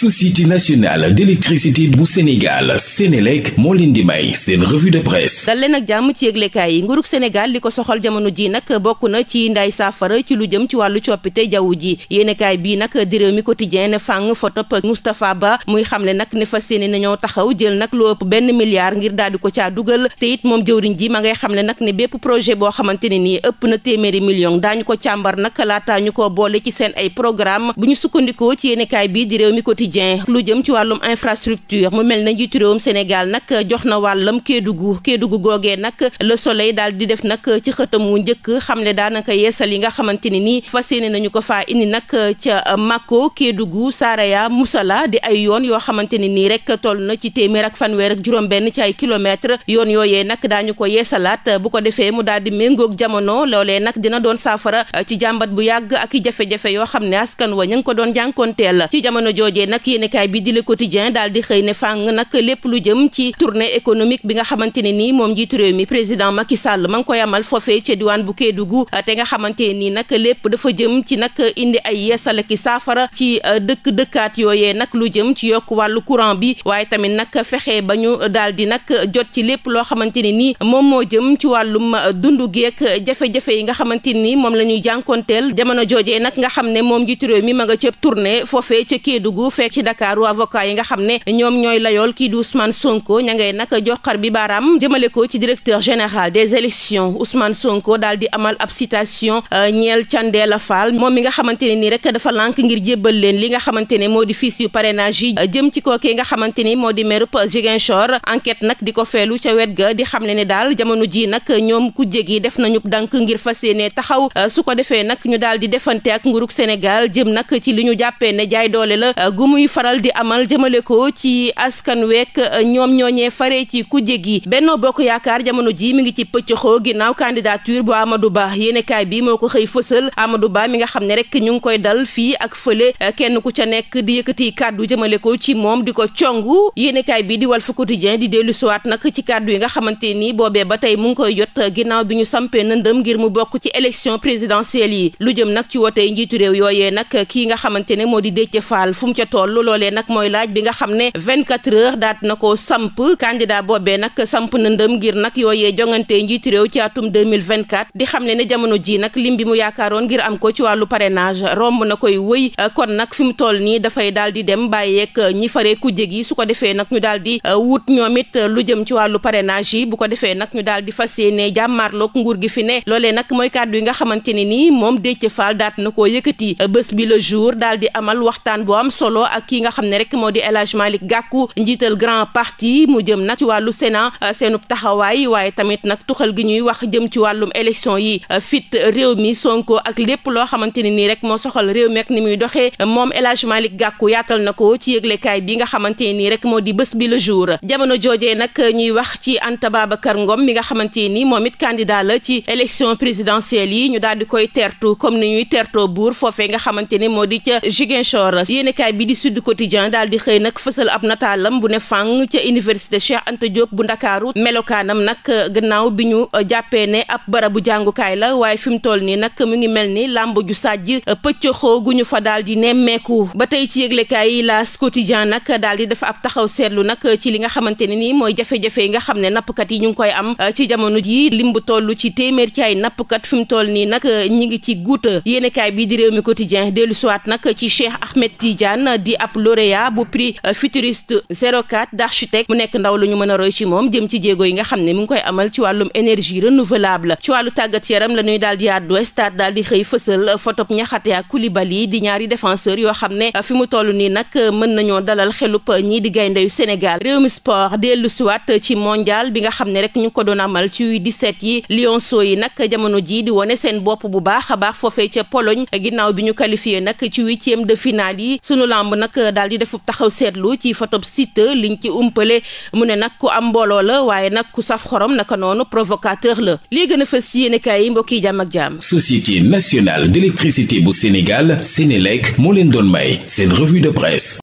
société nationale d'électricité bu Sénégal Sénélec moo leen di may seen revue de presse dal ak jàmm ci yëglekaay yi nguurug Sénégal li ko soxal jamono ji nag bokk na ci ndaay saafara ci lu jëm ci wàllu coppite jaww ji yéenekaay bii nag di réew mi quotidien foto photop Moustapha Ba muy xamle nag ne fas yéene nañoo taxaw jël nag lu ëpp benn milliard ngir daal di ko caa dugal te it moom jëwriñ ji ma ngay xamle nag ne bépp projet boo xamante ne nii ëpp na téeméeri million daañu ko càmbar nag laataa ñu ko boole quotidien lu jëm ci wàllum infrastructure mu mel na njiitu réewum Sénégal nag jox na wàllam Kédougou Kédougou googee nag le soleil daal di def nag ci xëtam wu njëkk xam ne daanaka yeesal yi nga xamante ne nii fas yéene nañu ko faa indi nag ca Mako Kédougou Saraya Moussala di ay yoon yoo xamante ne nii rek toll na ci téeméer ak fanweer ak juróom-benn ci ay kilomètres yoon yooyee nag ñu ko yeesalaat bu ko defee mu daal di méngoog jamono loolee nag dina doon saafara ci jàmbat bu yàgg ak i jafe-jafe yoo xam ne askan wa ñu ngi ko doon jànkonteel ci jamono joojee nag nag yéenekaay bi di Le Quotidien daal di xëy ne fàng nag lépp lu jëm ci tournée économique bi nga xamante ne nii moom njiitu mi président Macky Sall ma ngi koy amal foofee ca diwaan bu Kédougou te nga xamante ne nii nag lépp dafa jëm ci nag indi ay yeesal saafara ci euh, dëkk dëkkaat yooyee nag lu jëm ci yokk wàllu courant bi waaye tamit nag fexe ba ñu daal di nag jot ci lépp loo xamante ne nii moom moo jëm ci wàllum euh, dundu geek jafe-jafe yi nga xamante nii moom la ñuy jànkonteel jamono joojee nag nga xam ne moom njiitu mi ma nga ca tournée foofee ca Kédougou nag ci Dakaaru avocat yi nga xam ne ñoom ñooy layool kii di Ousmane Sonko ña ngay nag joxar bi baaraam jëmale ko ci directeur général des élections Ousmane Sonko daal di amal ab citation euh, ñeel Thiendella Fall moom mi nga xamante ne nii rek dafa lank ngir jébbal leen li nga xamante ne moo di fiches yu parrainage yi jëm ci kookee nga xamante ni moo di maire Ziguinchor enquête nag di ko feelu ca wet ga di xam ne ne daal jamono ji nag ñoom ku jégi def nañu dank ngir fas yéene taxaw euh, su ko defee nag ñu daal di defante ak nguurug Sénégal jëm nag ci li muy faral di amal jëmale ko ci askan week eh, ñoom ñooñee fare ci kujje gi Benno Bokk Yaakaar jamono ji mu ngi ci pëccëxoo ginnaaw candidature bu Amadou baax yéenekaay bi moo ko xëy fësal Amadou Ba mi nga xam ne rek ñu ngi koy dal fii ak fële eh, kenn ku ca nekk di yëkkati kàddu jëmale ko ci moom di ko congu yéenekaay bi di Walf Quotidien di dellu siwaat nag ci kàddu yi nga xamante ni boobee ba tey mu ngi koy jot eh, ginnaaw bi ñu sampee nëndëm ngir mu bokk ci élection présidentielle yi lu jëm nag ci wote njiitu réew yooyee nag kii nga xamante ne moo di toll loolee nag mooy laaj bi nga xam ne vingt 24 heures daat na ko samp candidat boobee nag samp na ndëm ngir nag yooye jongante njiitu réew ci atum vingt 2024 di xam ne ne jamono ji nag lim bi mu yaakaaroon ngir am ko ci wàllu parrainage romb na koy wëy kon nag fi mu toll nii dafay daal di dem bàyyeeg ñi faree kujje gi su ko defee nag ñu daal di uh, wut ñoom it lu jëm ci wàllu parrainage yi bu ko defee nag ñu daal di fas yéene jàmmaarloog nguur gi fi ne loolee nag mooy kàddu yi nga xamante ne nii moom Déthié Fall daat na koo yëkkati bés bi le jour daal di amal waxtaan bu am solo ak ki nga xam ne rek moo di El Hadj Malick Gakou njiital grand parti mu jëm nag ci wàllu Sénat euh, seenub taxawaay waaye tamit nag tuxal gi ñuy wax jëm ci wàllum élection yi euh, fit réew mi Sonko ak lépp loo xamante ne nii rek moo soxal réew mi ni muy doxee moom El Hadj Malick yaatal na ko ci yëglekaay bi nga xamante ne nii rek moo di bés bi la jour jamono joojee nag ñuy wax ci Anta Babacar Ngom mi nga xamante ni moom it candidat la ci élection présidentielle yi ñu daal di koy teertu comme ni ñuy tertoo buur foofee nga xamante ni moo di ca Ziguinchor yéenekaay Sud Quotidien daal di xëy nag fësal ab nataalam bu ne fang ca université Cheikh Anta Diop bu ndakaaru melokaanam nag euh, gannaaw bi ñu euh, jàppee ne ab barabu jàngukaay la waaye fi mu toll nii nag mu ngi mel ni làmb ju sàjj euh, pëccëxoo gu ñu fa daal di nemmeeku ba tey ci yëglekaay yi L'As Quotidien nag daal di def ab taxaw seetlu nag ci li nga xamante ne nii mooy jafe-jafe yi nga xam ne nappkat yi ñu ngi koy am ci jamono ji lim bu toll ci téeméer ci ay nappkat fi mu toll nii nag ñi ngi ci guuta yéenekaay bi di réew mi quotidien dellu siwaat nag di ab lauréat bu prix euh, futuriste 04 d'architecte mu nekk ndaw lu ñu mën a roy ci moom jëm ci jéego yi nga xam ne mu ngi koy amal ci wàllum énergie renouvelable ci wàllu tàggat yaram la ñuy daal di àddu stade daal di xëy fësal fotop euh, ñaxate ak Koulibaly di ñaari défenseur yoo xam ne euh, fi mu toll nii nag mën nañoo dalal xelub ñii di gayndeyu Sénégal réew mi sport dellu si siwaat ci mondial bi nga xam ne rek ñu ko doon amal ci U17 yi lionceaux yi nag jamono jii di wane seen bopp bu baax a baax foofee bi ñu de finale nag daal di defub taxaw seetlu ci photob Siteu liñ ci umpale mu ne nag ku am mbooloo la waaye nag ku saf xorom naka noonu provocateur la lii gën a fës ci yéenekaay yi mbokk yi jàmm ak jàmm. Société nationale d'électricité bu Sénégal Sénélec moo leen doon may seen revue de presse.